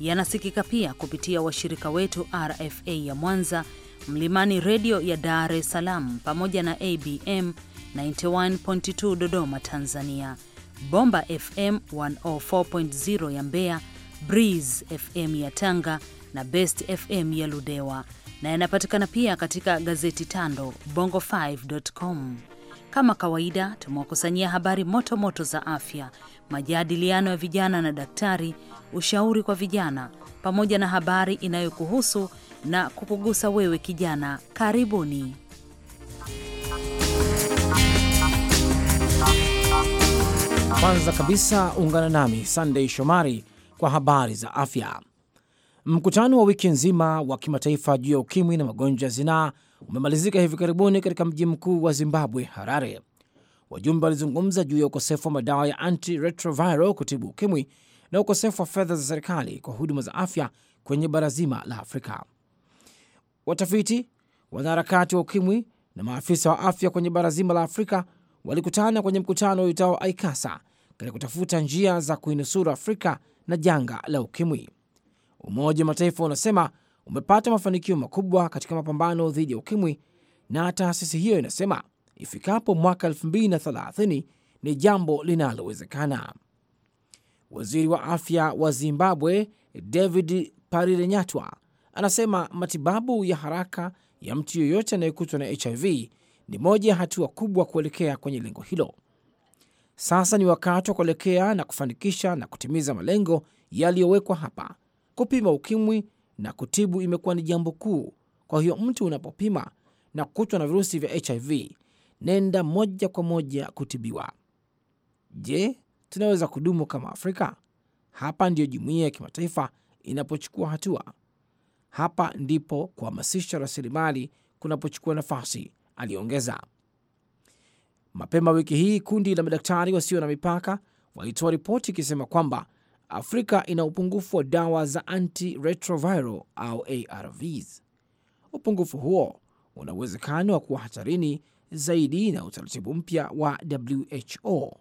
yanasikika pia kupitia washirika wetu RFA ya Mwanza, Mlimani Redio ya Dar es Salaam pamoja na ABM 91.2 Dodoma Tanzania, Bomba FM 104.0 ya Mbeya, Breeze FM ya Tanga na Best FM ya Ludewa na yanapatikana pia katika gazeti Tando Bongo5.com. Kama kawaida, tumewakusanyia habari moto moto za afya, majadiliano ya vijana na daktari, ushauri kwa vijana, pamoja na habari inayokuhusu na kukugusa wewe kijana. Karibuni. Kwanza kabisa ungana nami Sunday Shomari kwa habari za afya. Mkutano wa wiki nzima wa kimataifa juu ya ukimwi na magonjwa ya zinaa umemalizika hivi karibuni katika mji mkuu wa Zimbabwe, Harare. Wajumbe walizungumza juu ya ukosefu wa madawa ya antiretroviral kutibu ukimwi na ukosefu wa fedha za serikali kwa huduma za afya kwenye bara zima la Afrika. Watafiti, wanaharakati wa ukimwi na maafisa wa afya kwenye bara zima la Afrika walikutana kwenye mkutano uitao Aikasa katika kutafuta njia za kuinusuru Afrika na janga la ukimwi. Umoja wa Mataifa unasema umepata mafanikio makubwa katika mapambano dhidi ya ukimwi, na taasisi hiyo inasema ifikapo mwaka 2030 ni jambo linalowezekana. Waziri wa afya wa Zimbabwe David Parirenyatwa anasema matibabu ya haraka ya mtu yoyote anayekutwa na HIV ni moja ya hatua kubwa kuelekea kwenye lengo hilo. Sasa ni wakati wa kuelekea na kufanikisha na kutimiza malengo yaliyowekwa hapa: kupima ukimwi na kutibu imekuwa ni jambo kuu. Kwa hiyo mtu unapopima na kukutwa na virusi vya HIV, nenda moja kwa moja kutibiwa. Je, tunaweza kudumu kama Afrika? Hapa ndiyo jumuiya ya kimataifa inapochukua hatua. Hapa ndipo kuhamasisha rasilimali kunapochukua nafasi, aliongeza. Mapema wiki hii kundi la madaktari wasio na mipaka walitoa ripoti ikisema kwamba Afrika ina upungufu wa dawa za antiretroviral au ARVs. Upungufu huo una uwezekano wa kuwa hatarini zaidi na utaratibu mpya wa WHO.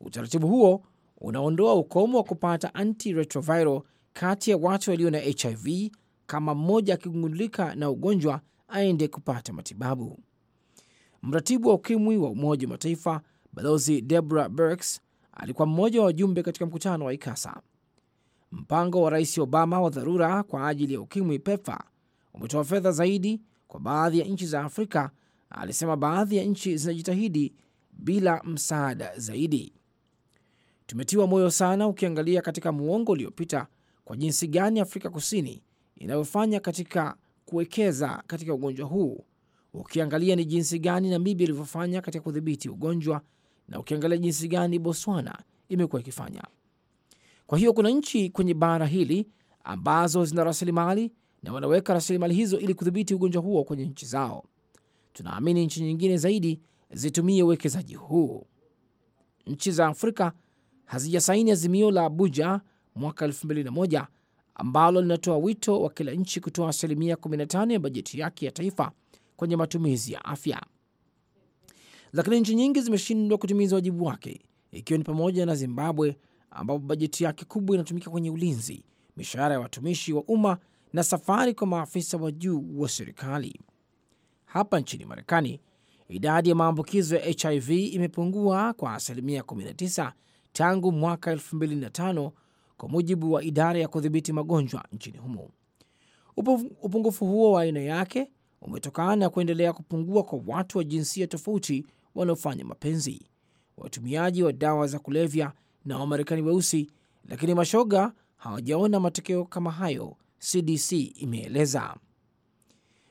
Utaratibu huo unaondoa ukomo wa kupata antiretroviral kati ya watu walio na HIV kama mmoja akigundulika na ugonjwa aende kupata matibabu. Mratibu wa ukimwi wa Umoja wa Mataifa Balozi Deborah Birx alikuwa mmoja wa wajumbe katika mkutano wa Ikasa. Mpango wa Rais Obama wa dharura kwa ajili ya ukimwi pefa umetoa fedha zaidi kwa baadhi ya nchi za Afrika. Alisema baadhi ya nchi zinajitahidi bila msaada zaidi. Tumetiwa moyo sana ukiangalia katika muongo uliopita kwa jinsi gani Afrika Kusini inayofanya katika kuwekeza katika ugonjwa huu, ukiangalia ni jinsi gani Namibia ilivyofanya katika kudhibiti ugonjwa na ukiangalia jinsi gani Botswana imekuwa ikifanya. Kwa hiyo kuna nchi kwenye bara hili ambazo zina rasilimali na wanaweka rasilimali hizo ili kudhibiti ugonjwa huo kwenye nchi zao. Tunaamini nchi nyingine zaidi zitumie uwekezaji huu. Nchi za Afrika hazijasaini azimio la Abuja mwaka 2001 ambalo linatoa wito wa kila nchi kutoa asilimia 15 ya bajeti yake ya taifa kwenye matumizi ya afya lakini nchi nyingi zimeshindwa kutimiza wajibu wake, ikiwa ni pamoja na Zimbabwe ambapo bajeti yake kubwa inatumika kwenye ulinzi, mishahara ya watumishi wa umma na safari kwa maafisa wa juu wa serikali. Hapa nchini Marekani, idadi ya maambukizo ya HIV imepungua kwa asilimia 19 tangu mwaka 2005 kwa mujibu wa idara ya kudhibiti magonjwa nchini humo. Upungufu huo wa aina yake umetokana na kuendelea kupungua kwa watu wa jinsia tofauti wanaofanya mapenzi, watumiaji wa dawa za kulevya na Wamarekani weusi, lakini mashoga hawajaona matokeo kama hayo, CDC imeeleza.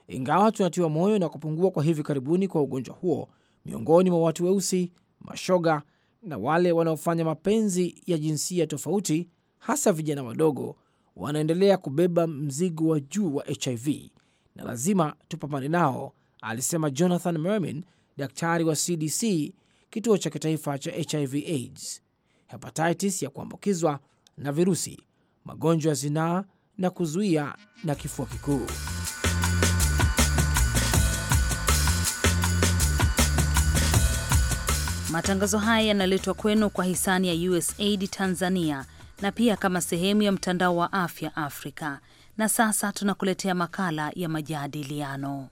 Ingawa tunatiwa moyo na kupungua kwa hivi karibuni kwa ugonjwa huo miongoni mwa watu weusi, mashoga na wale wanaofanya mapenzi ya jinsia tofauti, hasa vijana wadogo, wanaendelea kubeba mzigo wa juu wa HIV na lazima tupambane nao, alisema Jonathan Mermin, daktari wa CDC, kituo cha kitaifa cha HIV AIDS, hepatitis ya kuambukizwa na virusi, magonjwa ya zinaa na kuzuia na kifua kikuu. Matangazo haya yanaletwa kwenu kwa hisani ya USAID Tanzania na pia kama sehemu ya mtandao wa afya Afrika. Na sasa tunakuletea makala ya majadiliano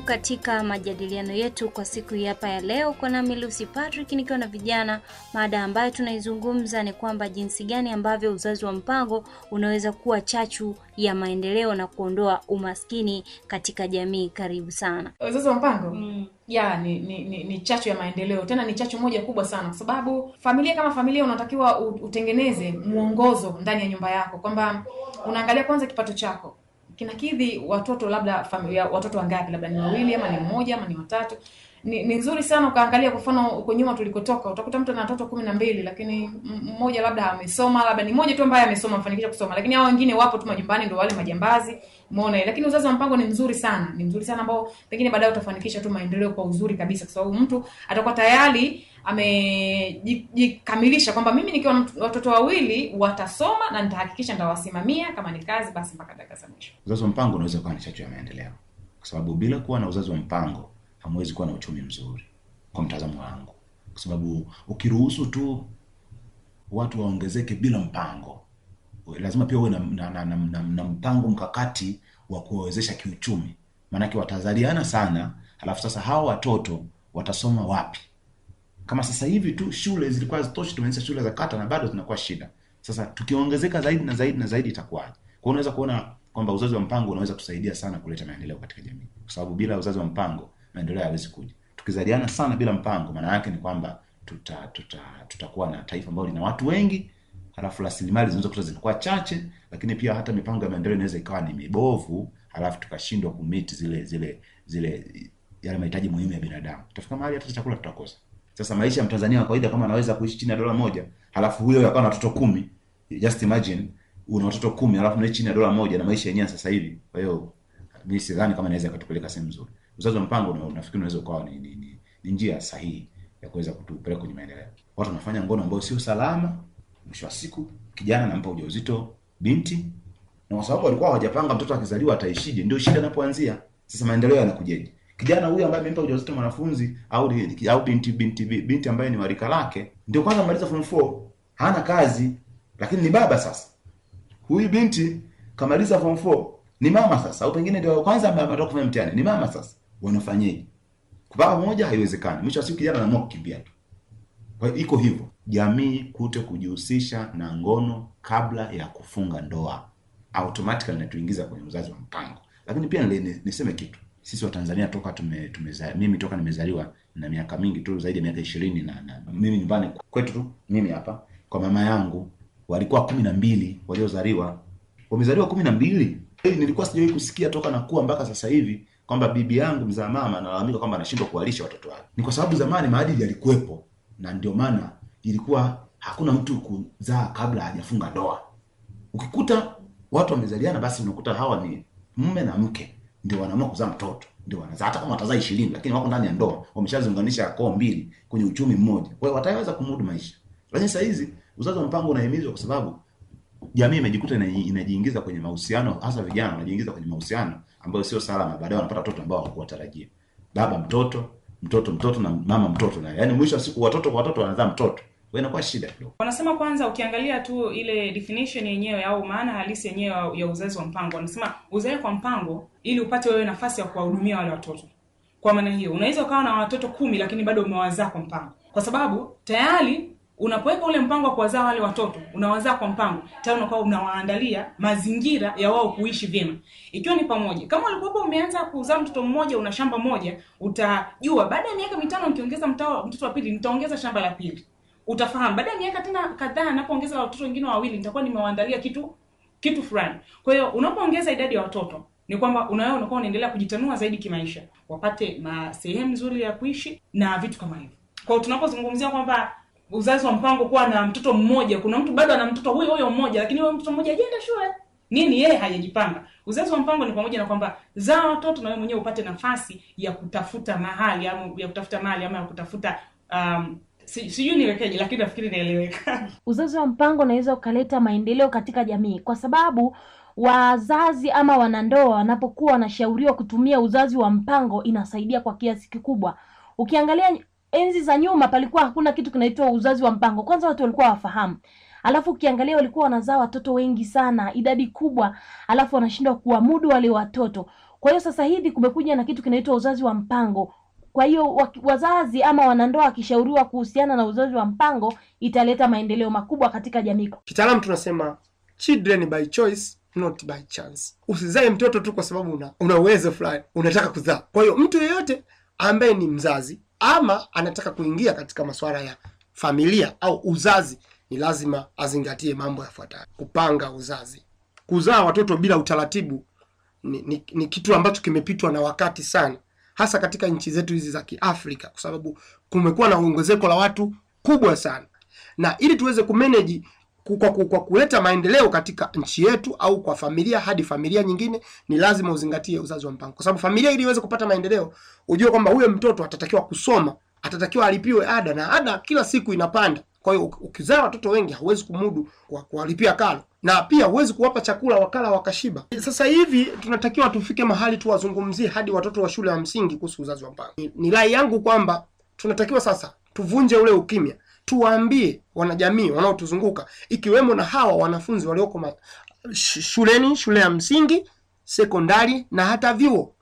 katika majadiliano yetu kwa siku hii hapa ya leo, kwa nami Lucy Patrick nikiwa na vijana. Mada ambayo tunaizungumza ni kwamba jinsi gani ambavyo uzazi wa mpango unaweza kuwa chachu ya maendeleo na kuondoa umaskini katika jamii. Karibu sana. Uzazi wa mpango mm. Ya, ni, ni, ni, ni chachu ya maendeleo, tena ni chachu moja kubwa sana, kwa sababu familia kama familia unatakiwa utengeneze mwongozo ndani ya nyumba yako, kwamba unaangalia kwanza kipato chako kinakidhi watoto labda familia, watoto wangapi, labda ni wawili ama ni mmoja ama ni watatu, ni, ni nzuri sana ukaangalia kwa mfano huko nyuma tulikotoka, utakuta mtu ana watoto kumi na mbili lakini mmoja labda amesoma, labda ni mmoja tu ambaye amesoma amefanikisha kusoma, lakini hao wengine wapo tu majumbani, ndio wale majambazi. Umeona? Lakini uzazi wa mpango ni mzuri sana, ni mzuri sana ambao pengine baadaye utafanikisha tu maendeleo kwa uzuri kabisa, kwa sababu mtu atakuwa tayari amejikamilisha kwamba mimi nikiwa na watoto wawili watasoma na nitahakikisha nitawasimamia, kama ni kazi basi mpaka dakika za mwisho. Uzazi wa mpango unaweza kuwa ni chachu ya maendeleo, kwa sababu bila kuwa na uzazi wa mpango hamwezi kuwa na uchumi mzuri kwa mtazamo wangu, kwa sababu ukiruhusu tu watu waongezeke bila mpango, lazima pia uwe na, na, na, na, na, na mpango mkakati wa kuwawezesha kiuchumi, maanake watazaliana sana, alafu sasa hawa watoto watasoma wapi? Kama sasa hivi tu shule zilikuwa hazitoshi, tumeanzisha shule za kata na bado zinakuwa shida. Sasa tukiongezeka zaidi na zaidi na zaidi itakuwaje? Kwa unaweza kuona kwamba uzazi wa mpango unaweza kusaidia sana kuleta maendeleo katika jamii, kwa sababu bila uzazi wa mpango maendeleo hayawezi kuja. Tukizaliana sana bila mpango, maana yake ni kwamba tuta, tuta, tutakuwa na taifa ambalo lina watu wengi halafu rasilimali zinazokuta zinakuwa chache, lakini pia hata mipango ya maendeleo inaweza ikawa ni mibovu, halafu tukashindwa kumiti zile zile zile yale mahitaji muhimu ya binadamu. Tutafika mahali hata chakula tutakosa. Sasa maisha ya Mtanzania wa kawaida kama anaweza kuishi chini ya dola moja, halafu huyo akawa na watoto kumi, just imagine una watoto kumi halafu unaishi chini ya dola moja na maisha yenyewe sasa hivi. Kwa hiyo mimi sidhani kama inaweza ikatupeleka sehemu nzuri. Uzazi wa mpango nafikiri unaweza ukawa ni, ni, ni, ni njia sahihi ya kuweza kutupeleka kwenye maendeleo. Watu wanafanya ngono ambayo sio salama, mwisho wa siku kijana anampa ujauzito binti, na kwa sababu walikuwa hawajapanga mtoto akizaliwa ataishije, ndio shida inapoanzia. Sasa maendeleo yanakujeje? Kijana huyu ambaye amempa ujauzito mwanafunzi au au binti binti binti ambaye ni warika lake, ndio kwanza amaliza form 4, hana kazi, lakini ni baba sasa. Huyu binti kamaliza form 4, ni mama sasa, au pengine ndio kwanza ambaye anataka kufanya mtihani, ni mama sasa wanafanyeje? Kupaka pamoja haiwezekani. Mwisho wa siku kijana anaamua kukimbia tu. Kwa hiyo iko hivyo, jamii kute kujihusisha na ngono kabla ya kufunga ndoa automatically inatuingiza kwenye uzazi wa mpango. Lakini pia niseme kitu, sisi Watanzania toka tume, tumeza, mimi toka nimezaliwa na miaka mingi tu zaidi ya miaka ishirini na, na mimi nyumbani kwetu tu mimi hapa kwa mama yangu walikuwa kumi na mbili waliozaliwa, wamezaliwa kumi na mbili. Nilikuwa sijawahi kusikia toka nakuwa mpaka sasa hivi kwamba bibi yangu mzaa mama analalamika kwamba anashindwa kuwalisha watoto wake, ni kwa sababu zamani maadili yalikuwepo, na ndio maana ilikuwa hakuna mtu kuzaa kabla hajafunga ndoa. Ukikuta watu wamezaliana, basi unakuta hawa ni mume na mke, ndio wanaamua kuzaa mtoto, ndio wanazaa. Hata kama watazaa ishirini, lakini wako ndani ya ndoa, wameshaziunganisha koo mbili kwenye uchumi mmoja, kwa hiyo wataweza kumudu maisha. Lakini saa hizi uzazi wa mpango unahimizwa kwa sababu jamii imejikuta inajiingiza kwenye mahusiano, hasa vijana wanajiingiza kwenye mahusiano ambayo sio salama, baadaye wanapata watoto ambao hawakuwatarajia. Baba mtoto, mtoto mtoto, na mama mtoto, na yaani mwisho wa siku watoto kwa watoto wanazaa mtoto inakuwa shida kidogo. Wanasema kwanza, ukiangalia tu ile definition yenyewe au maana halisi yenyewe ya uzazi wa mpango, wanasema uzae kwa mpango ili upate wewe nafasi ya kuwahudumia wale watoto. Kwa maana hiyo, unaweza ukawa na watoto kumi lakini bado umewazaa kwa mpango, kwa sababu tayari Unapoweka ule mpango wa kuwazaa wale watoto, unawazaa kwa mpango, tayari unakuwa unawaandalia mazingira ya wao kuishi vyema, ikiwa ni pamoja, kama ulipokuwa umeanza kuzaa mtoto mmoja, una shamba moja, utajua baada ya miaka mitano nikiongeza mtoto wa pili, nitaongeza shamba la pili. Utafahamu baada ya miaka tena kadhaa, napoongeza watoto wengine wawili, nitakuwa nimewaandalia kitu kitu fulani. Kwa hiyo unapoongeza idadi ya watoto ni kwamba unawe unakuwa unaendelea kujitanua zaidi kimaisha, wapate sehemu nzuri ya kuishi na vitu kama hivyo. Kwa tunapozungumzia kwamba uzazi wa mpango kuwa na mtoto mmoja. Kuna mtu bado ana mtoto huyo huyo mmoja, lakini huyo mtoto mmoja ajenda shule nini, yeye hajajipanga. Uzazi wa mpango ni pamoja na kwamba zaa watoto na wewe mwenyewe upate nafasi ya kutafuta mahali ama ya kutafuta mahali ama ya kutafuta um, sijui niwekeje, lakini nafikiri naeleweka. Uzazi wa mpango unaweza ukaleta maendeleo katika jamii kwa sababu wazazi ama wanandoa wanapokuwa wanashauriwa kutumia uzazi wa mpango inasaidia kwa kiasi kikubwa. Ukiangalia enzi za nyuma palikuwa hakuna kitu kinaitwa uzazi wa mpango. Kwanza watu walikuwa wafahamu, alafu ukiangalia walikuwa wanazaa watoto wengi sana, idadi kubwa, alafu wanashindwa kuwamudu wale watoto. Kwa hiyo sasa hivi kumekuja na kitu kinaitwa uzazi wa mpango. Kwa hiyo wazazi ama wanandoa wakishauriwa kuhusiana na uzazi wa mpango italeta maendeleo makubwa katika jamii. Kitaalamu tunasema children by choice not by chance. Usizae mtoto tu kwa sababu una, una uwezo fulani unataka kuzaa. Kwa hiyo mtu yeyote ambaye ni mzazi ama anataka kuingia katika masuala ya familia au uzazi, ni lazima azingatie mambo yafuatayo: kupanga uzazi. Kuzaa watoto bila utaratibu ni, ni, ni kitu ambacho kimepitwa na wakati sana, hasa katika nchi zetu hizi za Kiafrika, kwa sababu kumekuwa na ongezeko la watu kubwa sana, na ili tuweze kumeneji kwa, kwa kuleta maendeleo katika nchi yetu au kwa familia hadi familia nyingine, ni lazima uzingatie uzazi wa mpango, kwa sababu familia ili iweze kupata maendeleo, ujue kwamba huyo mtoto atatakiwa kusoma, atatakiwa alipiwe ada, na ada kila siku inapanda. Kwa hiyo ukizaa watoto wengi hauwezi kumudu kwa kuwalipia karo, na pia huwezi kuwapa chakula wakala wakashiba. Sasa hivi tunatakiwa tufike mahali tuwazungumzie hadi watoto wa shule ya msingi kuhusu uzazi wa mpango. Ni, ni rai yangu kwamba tunatakiwa sasa tuvunje ule ukimya tuwaambie wanajamii wanaotuzunguka ikiwemo na hawa wanafunzi walioko shuleni, shule ya msingi, sekondari na hata vyuo.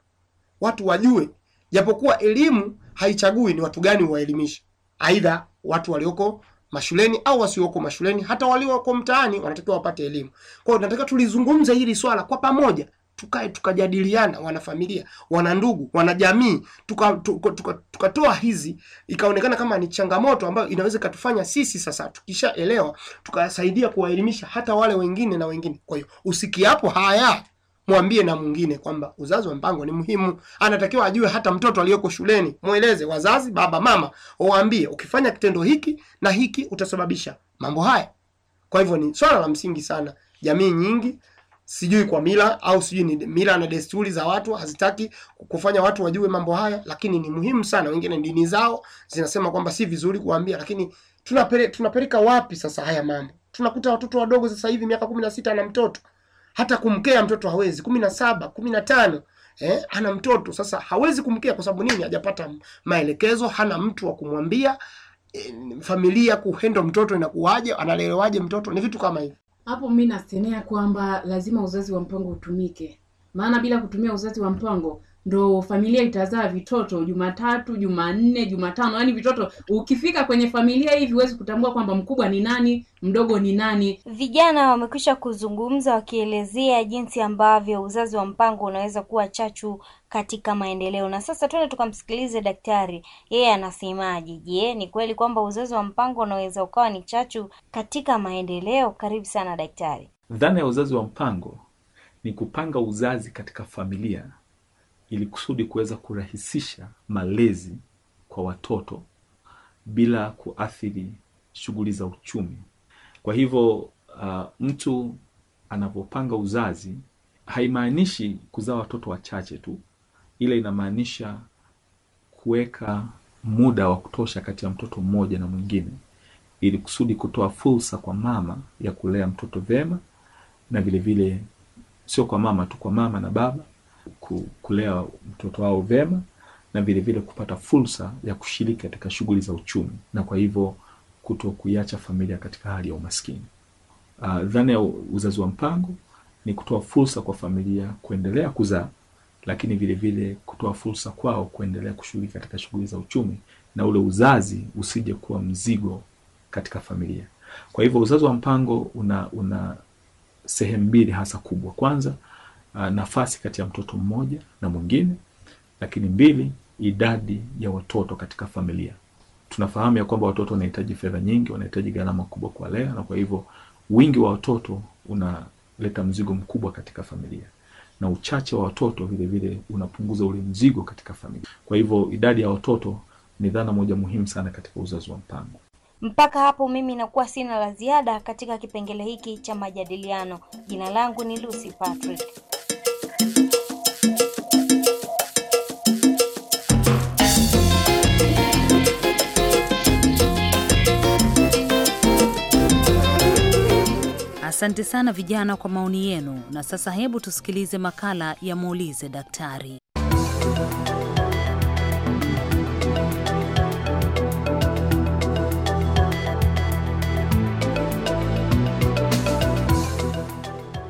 Watu wajue, japokuwa elimu haichagui ni watu gani waelimishe, aidha watu walioko mashuleni au wasioko mashuleni, hata walioko mtaani wanatakiwa wapate elimu. Kwa hiyo tunataka tulizungumze hili swala kwa pamoja, tukae tukajadiliana, wanafamilia, wana wana wanajamii, tukatoa tuka, tuka, tuka hizi, ikaonekana kama ni changamoto ambayo inaweza ikatufanya sisi sasa, tukishaelewa tukasaidia kuwaelimisha hata wale wengine na wengine. Kwa hiyo usikiapo haya mwambie na mwingine kwamba uzazi wa mpango ni muhimu, anatakiwa ajue. Hata mtoto aliyoko shuleni mweleze, wazazi, baba, mama, waambie ukifanya kitendo hiki na hiki utasababisha mambo haya. Kwa hivyo ni swala la msingi sana, jamii nyingi sijui kwa mila au sijui ni mila na desturi za watu hazitaki kufanya watu wajue mambo haya, lakini ni muhimu sana. Wengine dini zao zinasema kwamba si vizuri kuambia, lakini tunapele, tunapeleka wapi sasa haya mambo? Tunakuta watoto wadogo sasa hivi miaka kumi na sita ana mtoto, hata kumkea mtoto hawezi, kumi na saba kumi na tano Eh, ana mtoto sasa, hawezi kumkea kwa sababu nini? Hajapata maelekezo, hana mtu wa kumwambia. Eh, familia kuhendo mtoto inakuwaje, analelewaje mtoto, ni vitu kama hivi. Hapo mi nasemea kwamba lazima uzazi wa mpango utumike, maana bila kutumia uzazi wa mpango ndo familia itazaa vitoto Jumatatu, Jumanne, Jumatano, yaani vitoto. Ukifika kwenye familia hivi huwezi kutambua kwamba mkubwa ni nani, mdogo ni nani. Vijana wamekwisha kuzungumza wakielezea jinsi ambavyo uzazi wa mpango unaweza kuwa chachu katika maendeleo. Na sasa tuende tukamsikilize daktari, yeye anasemaje? Je, ni kweli kwamba uzazi wa mpango unaweza ukawa ni chachu katika maendeleo? Karibu sana daktari. Dhana ya uzazi wa mpango ni kupanga uzazi katika familia ili kusudi kuweza kurahisisha malezi kwa watoto bila kuathiri shughuli za uchumi. Kwa hivyo uh, mtu anapopanga uzazi haimaanishi kuzaa watoto wachache tu, ila inamaanisha kuweka muda wa kutosha kati ya mtoto mmoja na mwingine, ili kusudi kutoa fursa kwa mama ya kulea mtoto vyema, na vilevile sio kwa mama tu, kwa mama na baba kulea mtoto wao vema na vilevile kupata fursa ya kushiriki katika shughuli za uchumi na kwa hivyo kuto kuiacha familia katika hali ya umaskini. Uh, dhana ya uzazi wa mpango ni kutoa fursa kwa familia kuendelea kuzaa, lakini vilevile kutoa fursa kwao kuendelea kushiriki katika shughuli za uchumi na ule uzazi usije kuwa mzigo katika familia. Kwa hivyo uzazi wa mpango una, una sehemu mbili hasa kubwa. Kwanza uh, nafasi kati ya mtoto mmoja na mwingine, lakini mbili, idadi ya watoto katika familia. Tunafahamu ya kwamba watoto wanahitaji fedha nyingi, wanahitaji gharama kubwa kwa lea, na kwa hivyo wingi wa watoto unaleta mzigo mkubwa katika familia na uchache wa watoto vile vile unapunguza ule mzigo katika familia. Kwa hivyo idadi ya watoto ni dhana moja muhimu sana katika uzazi wa mpango. Mpaka hapo mimi nakuwa sina la ziada katika kipengele hiki cha majadiliano. Jina langu ni Lucy Patrick. Asante sana vijana kwa maoni yenu, na sasa hebu tusikilize makala ya muulize daktari.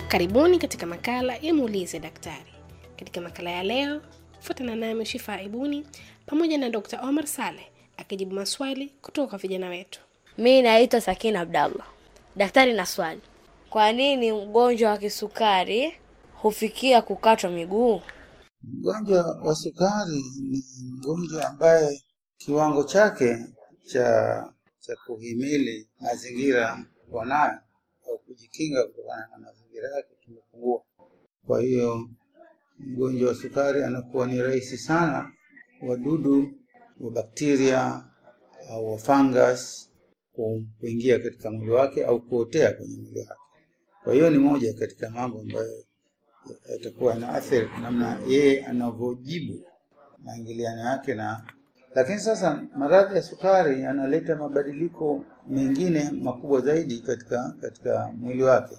Karibuni katika makala ya muulize daktari. Katika makala ya leo, fuatana nami Shifa Ibuni pamoja na Dkt Omar Saleh akijibu maswali kutoka kwa vijana wetu. Mi naitwa Sakina Abdallah. Daktari, na swali kwa nini mgonjwa wa kisukari hufikia kukatwa miguu? Mgonjwa wa sukari ni mgonjwa ambaye kiwango chake cha cha kuhimili mazingira wanayo au kujikinga kutokana na mazingira yake kimepungua. Kwa hiyo mgonjwa wa sukari anakuwa ni rahisi sana wadudu wa bakteria au wa fungus kuingia katika mwili wake au kuotea kwenye mwili wake. Kwa hiyo ni moja katika mambo ambayo yatakuwa athari namna yeye anavyojibu maingiliano yake na. Lakini sasa maradhi ya sukari yanaleta mabadiliko mengine makubwa zaidi katika katika mwili wake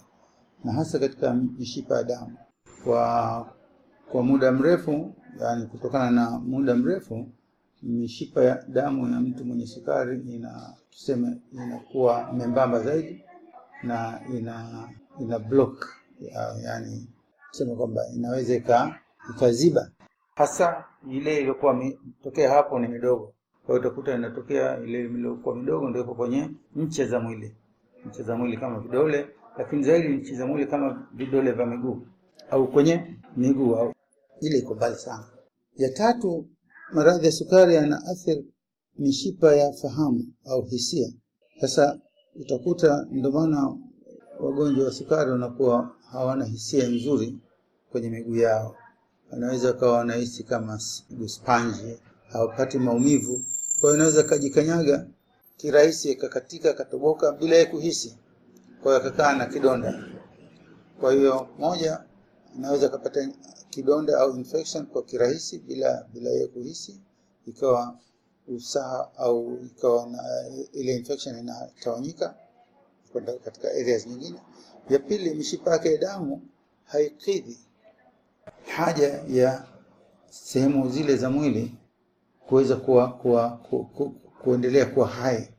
na hasa katika mishipa ya damu kwa kwa muda mrefu, yani kutokana na muda mrefu mishipa ya damu ya mtu mwenye sukari ina tuseme, inakuwa membamba zaidi na ina ina block ya, yani sema kwamba inaweza ikaziba hasa ile iliyokuwa tokea hapo ni midogo. Kwa hiyo utakuta inatokea ile iliyokuwa midogo ndio ipo kwenye nche za mwili, nche za mwili kama vidole, lakini zaidi nche za mwili kama vidole vya miguu au kwenye miguu au ile iko mbali sana. Ya tatu, maradhi ya sukari yanaathiri mishipa ya fahamu au hisia. Sasa utakuta ndio maana wagonjwa wa sukari wanakuwa hawana hisia nzuri kwenye miguu yao, wanaweza kawa wanahisi kama sponge, hawapati maumivu. Kwa hiyo inaweza kajikanyaga kirahisi, ikakatika katoboka bila ya kuhisi, kwa hiyo akakaa na kidonda. Kwa hiyo moja, anaweza kapata kidonda au infection kwa kirahisi bila bila ya kuhisi, ikawa usaha au ikawa na ile infection inatawanyika kwenda katika areas nyingine. Ya pili, mishipa yake ya damu haikidhi haja ya sehemu zile za mwili kuweza kuwa, kuwa, ku, ku, kuendelea kuwa hai.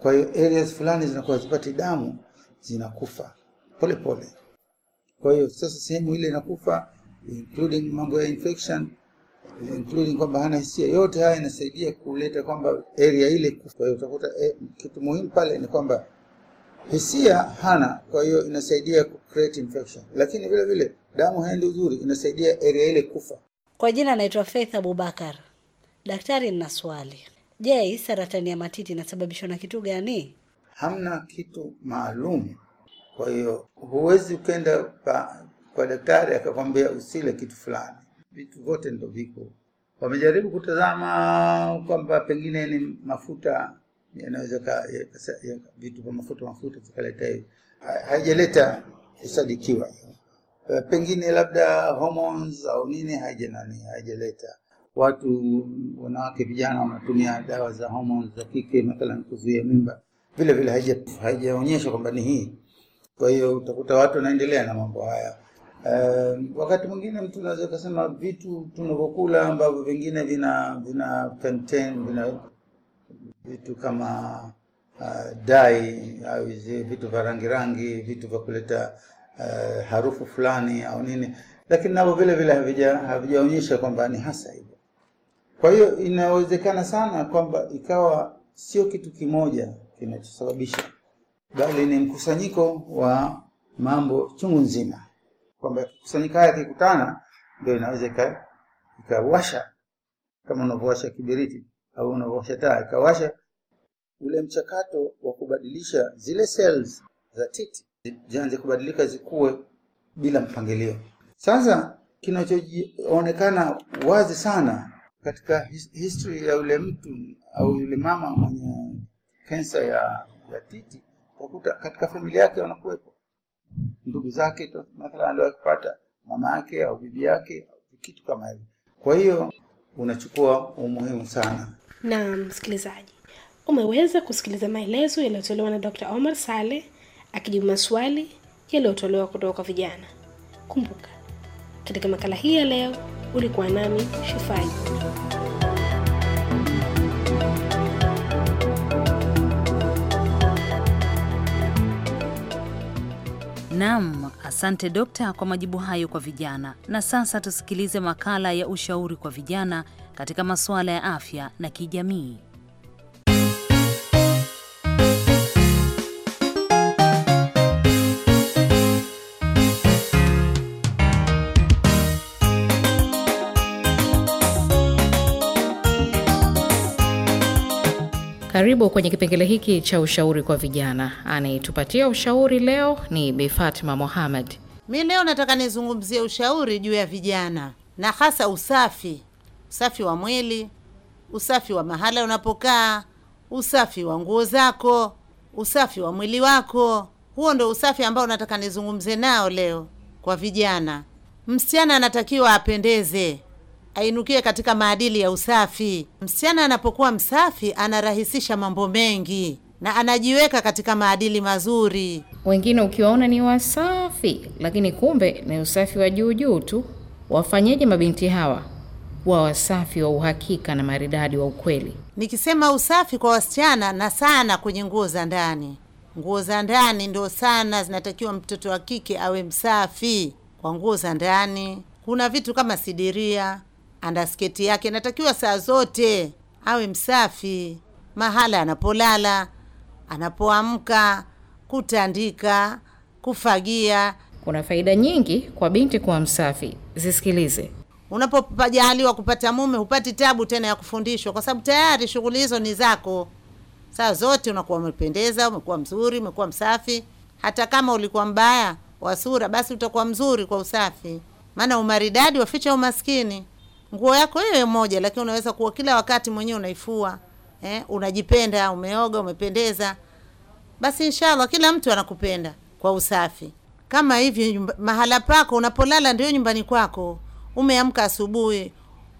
Kwa hiyo areas fulani zinakuwa zipati damu zinakufa pole pole. Kwa hiyo sasa sehemu ile inakufa including mambo ya infection including kwamba hana hisia. Yote haya inasaidia kuleta kwamba area ile kufa. Kwa hiyo utakuta eh, kitu muhimu pale ni kwamba Hisia hana, kwa hiyo inasaidia create infection, lakini vile vile damu haendi uzuri, inasaidia area ile kufa. Kwa jina anaitwa Faith Abubakar. Daktari, nina swali. Je, saratani ya matiti inasababishwa na kitu gani? Hamna kitu maalum, kwa hiyo huwezi ukenda pa, kwa daktari akakwambia usile kitu fulani. Vitu vyote ndo viko, wamejaribu kutazama kwamba pengine ni mafuta yanaweza vitu vya mafuta mafuta vikaleta hivi, haijaleta kusadikiwa. Eh, pengine labda hormones au nini, haija nani, haijaleta watu, wanawake vijana wanatumia dawa za hormones za kike mathalan kuzuia mimba, vile vile haijaonyesha kwamba ni hii. Kwa hiyo utakuta watu wanaendelea na mambo haya. Um, wakati mwingine mtu anaweza kusema vitu tunavyokula ambavyo vingine vina vina contain, vina vitu kama uh, dai au hizi vitu vya rangi rangi, vitu vya kuleta uh, harufu fulani au nini, lakini navyo vile vile havija havijaonyesha kwamba ni hasa hivyo. Kwa hiyo inawezekana sana kwamba ikawa sio kitu kimoja kinachosababisha, bali ni mkusanyiko wa mambo chungu nzima, kwamba kusanyika haya yakikutana ndio inaweza ikawasha kama unavyowasha kibiriti au taa, ikawasha ule mchakato wa kubadilisha zile cells za titi zianze kubadilika zikuwe bila mpangilio. Sasa kinachoonekana wazi sana katika history ya yule mtu au yule mama mwenye kansa ya, ya titi, utakuta katika familia yake wanakuwepo ndugu zake mathalan aliyopata mama yake au bibi yake, kitu kama hivyo. Kwa hiyo unachukua umuhimu sana na msikilizaji umeweza kusikiliza maelezo yaliyotolewa na dr omar sale akijibu maswali yaliyotolewa kutoka kwa vijana kumbuka katika makala hii ya leo ulikuwa nami shifai nam asante dokta kwa majibu hayo kwa vijana. Na sasa tusikilize makala ya ushauri kwa vijana katika masuala ya afya na kijamii. Karibu kwenye kipengele hiki cha ushauri kwa vijana. Anayetupatia ushauri leo ni Bi Fatma Mohamed. Mi leo nataka nizungumzie ushauri juu ya vijana na hasa usafi usafi wa mwili, usafi wa mahala unapokaa, usafi wa nguo zako, usafi wa mwili wako. Huo ndo usafi ambao nataka nizungumze nao leo kwa vijana. Msichana anatakiwa apendeze, ainukie katika maadili ya usafi. Msichana anapokuwa msafi, anarahisisha mambo mengi na anajiweka katika maadili mazuri. Wengine ukiwaona ni wasafi, lakini kumbe ni usafi wa juu juu tu. Wafanyeje mabinti hawa? wa wasafi wa uhakika na maridadi wa ukweli. Nikisema usafi kwa wasichana, na sana kwenye nguo za ndani. Nguo za ndani ndo sana zinatakiwa mtoto wa kike awe msafi kwa nguo za ndani. Kuna vitu kama sidiria, andasketi yake natakiwa saa zote awe msafi, mahala anapolala, anapoamka, kutandika, kufagia. Kuna faida nyingi kwa binti kuwa msafi, zisikilize. Unapopajaliwa kupata mume hupati tabu tena ya kufundishwa, kwa sababu tayari shughuli hizo ni zako saa zote. Unakuwa umependeza, umekuwa mzuri, umekuwa msafi. Hata kama ulikuwa mbaya wa sura, basi utakuwa mzuri kwa usafi, maana umaridadi waficha umaskini. Nguo yako hiyo moja, lakini unaweza kuwa kila wakati mwenyewe unaifua eh, unajipenda, umeoga, umependeza, basi inshallah kila mtu anakupenda kwa usafi. Kama hivyo mahala pako unapolala ndio nyumbani kwako. Umeamka asubuhi,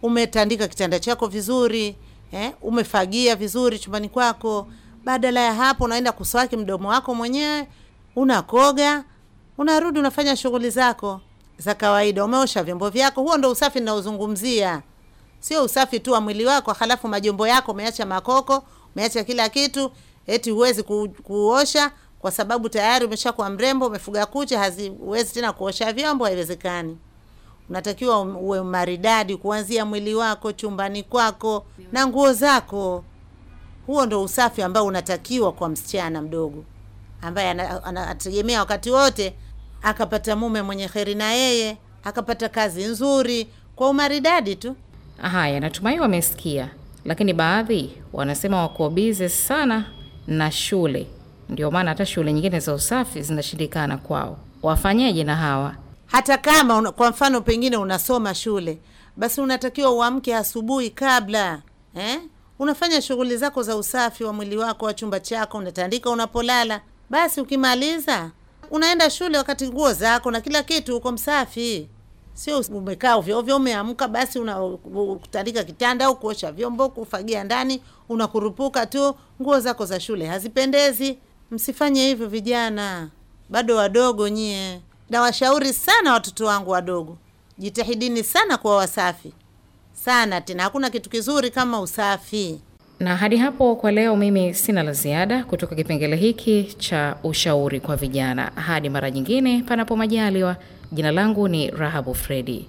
umetandika kitanda chako vizuri eh, umefagia vizuri chumbani kwako. Badala ya hapo, unaenda kuswaki mdomo wako mwenyewe, unakoga, unarudi, unafanya shughuli zako za kawaida, umeosha vyombo vyako. Huo ndo usafi ninaozungumzia, sio usafi tu wa mwili wako, halafu majombo yako umeacha makoko, umeacha kila kitu, eti huwezi ku, kuosha kwa sababu tayari umeshakuwa mrembo, umefuga kucha, haziwezi tena kuosha vyombo, haiwezekani unatakiwa um, uwe maridadi kuanzia mwili wako, chumbani kwako na nguo zako. Huo ndo usafi ambao unatakiwa kwa msichana mdogo ambaye anategemea wakati wote akapata mume mwenye heri na yeye akapata kazi nzuri kwa umaridadi tu. Haya, natumai wamesikia, lakini baadhi wanasema wako bize sana na shule, ndio maana hata shule nyingine za usafi zinashindikana kwao. Wafanyeje na hawa hata kama una, kwa mfano pengine unasoma shule, basi unatakiwa uamke asubuhi kabla eh? Unafanya shughuli zako za usafi wa mwili wako wa chumba chako, unatandika unapolala. Basi ukimaliza unaenda shule, wakati nguo zako na kila kitu uko msafi, sio umekaa ovyo umeamka basi unatandika kitanda au kuosha vyombo, kufagia ndani, unakurupuka tu, nguo zako za shule hazipendezi. Msifanye hivyo vijana, bado wadogo nyie. Nawashauri sana watoto wangu wadogo, jitahidini sana kuwa wasafi sana, tena hakuna kitu kizuri kama usafi. Na hadi hapo kwa leo, mimi sina la ziada kutoka kipengele hiki cha ushauri kwa vijana. Hadi mara nyingine, panapo majaliwa. Jina langu ni Rahabu Fredi.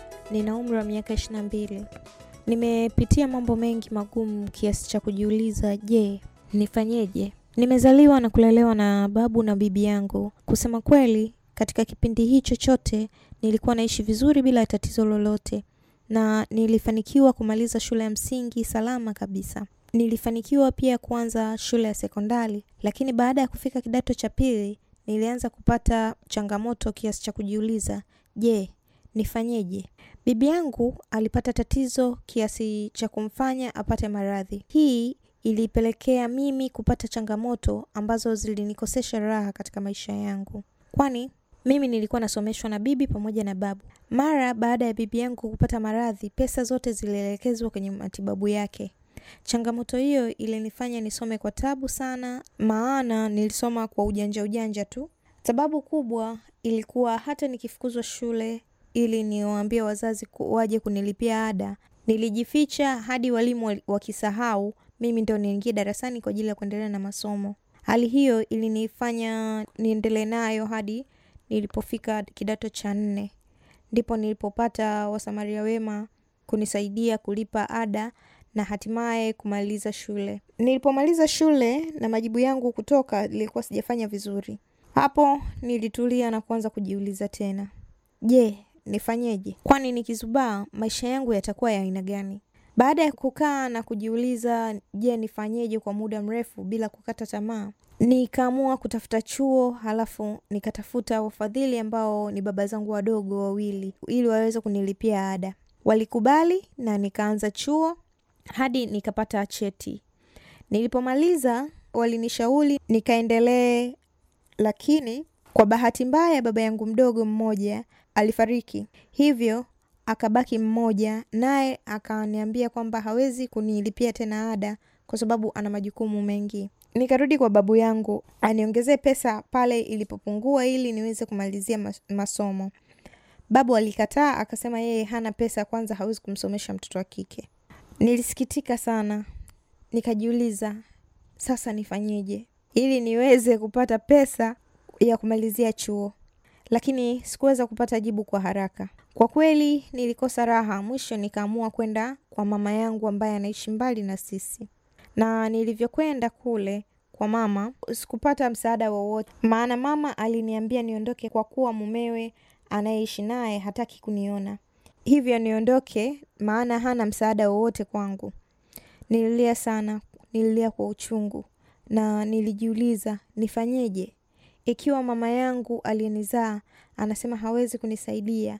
Nina umri wa miaka 22. na mbili. Nimepitia mambo mengi magumu kiasi cha kujiuliza, je, nifanyeje? Nimezaliwa na kulelewa na babu na bibi yangu. Kusema kweli, katika kipindi hicho chote nilikuwa naishi vizuri bila tatizo lolote, na nilifanikiwa kumaliza shule ya msingi salama kabisa. Nilifanikiwa pia kuanza shule ya sekondari, lakini baada ya kufika kidato cha pili nilianza kupata changamoto kiasi cha kujiuliza, je, nifanyeje? Bibi yangu alipata tatizo kiasi cha kumfanya apate maradhi. Hii ilipelekea mimi kupata changamoto ambazo zilinikosesha raha katika maisha yangu, kwani mimi nilikuwa nasomeshwa na bibi pamoja na babu. Mara baada ya bibi yangu kupata maradhi, pesa zote zilielekezwa kwenye matibabu yake. Changamoto hiyo ilinifanya nisome kwa tabu sana, maana nilisoma kwa ujanja ujanja tu. Sababu kubwa ilikuwa hata nikifukuzwa shule ili niwaambie wazazi waje kunilipia ada. Nilijificha hadi walimu wakisahau mimi ndo niingie darasani kwa ajili ya kuendelea na masomo. Hali hiyo ilinifanya niendelee nayo hadi nilipofika kidato cha nne, ndipo nilipopata wasamaria wema kunisaidia kulipa ada na hatimaye kumaliza shule. Nilipomaliza shule na majibu yangu kutoka, nilikuwa sijafanya vizuri. Hapo nilitulia na kuanza kujiuliza tena, je, nifanyeje? Kwani nikizubaa maisha yangu yatakuwa ya aina gani? Baada ya kukaa na kujiuliza, je, nifanyeje kwa muda mrefu bila kukata tamaa, nikaamua kutafuta chuo, halafu nikatafuta wafadhili ambao ni baba zangu wadogo wawili, ili waweze kunilipia ada. Walikubali na nikaanza chuo hadi nikapata cheti. Nilipomaliza walinishauri nikaendelee, lakini kwa bahati mbaya baba yangu mdogo mmoja alifariki, hivyo akabaki mmoja, naye akaniambia kwamba hawezi kunilipia tena ada kwa sababu ana majukumu mengi. Nikarudi kwa babu yangu aniongezee pesa pale ilipopungua ili niweze kumalizia masomo. Babu alikataa akasema yeye hana pesa, kwanza hawezi kumsomesha mtoto wa kike. Nilisikitika sana, nikajiuliza sasa nifanyeje ili niweze kupata pesa ya kumalizia chuo lakini sikuweza kupata jibu kwa haraka. Kwa kweli nilikosa raha. Mwisho nikaamua kwenda kwa mama yangu ambaye anaishi mbali na sisi, na nilivyokwenda kule kwa mama sikupata msaada wowote, maana mama aliniambia niondoke kwa kuwa mumewe anayeishi naye hataki kuniona, hivyo niondoke, maana hana msaada wowote kwangu. Nililia sana, nililia kwa uchungu na nilijiuliza nifanyeje ikiwa mama yangu aliyenizaa anasema hawezi kunisaidia,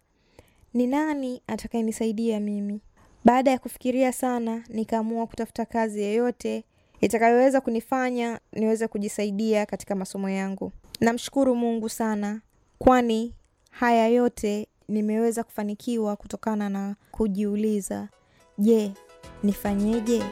ni nani atakayenisaidia mimi? Baada ya kufikiria sana, nikaamua kutafuta kazi yeyote itakayoweza kunifanya niweze kujisaidia katika masomo yangu. Namshukuru Mungu sana, kwani haya yote nimeweza kufanikiwa kutokana na kujiuliza, je, nifanyeje?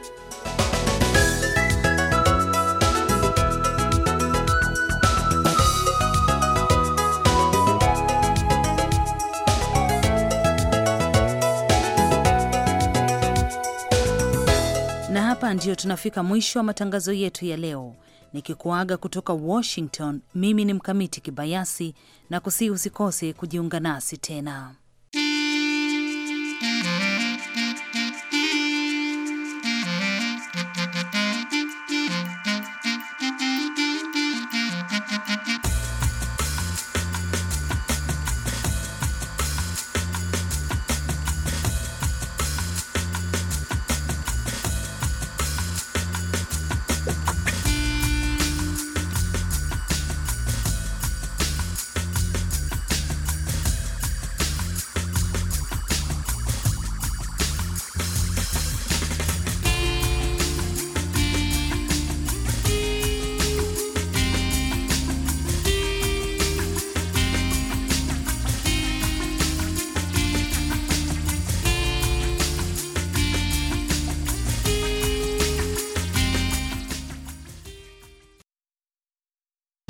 ndiyo tunafika mwisho wa matangazo yetu ya leo, nikikuaga kutoka Washington. Mimi ni Mkamiti Kibayasi na kusihi usikose kujiunga nasi tena.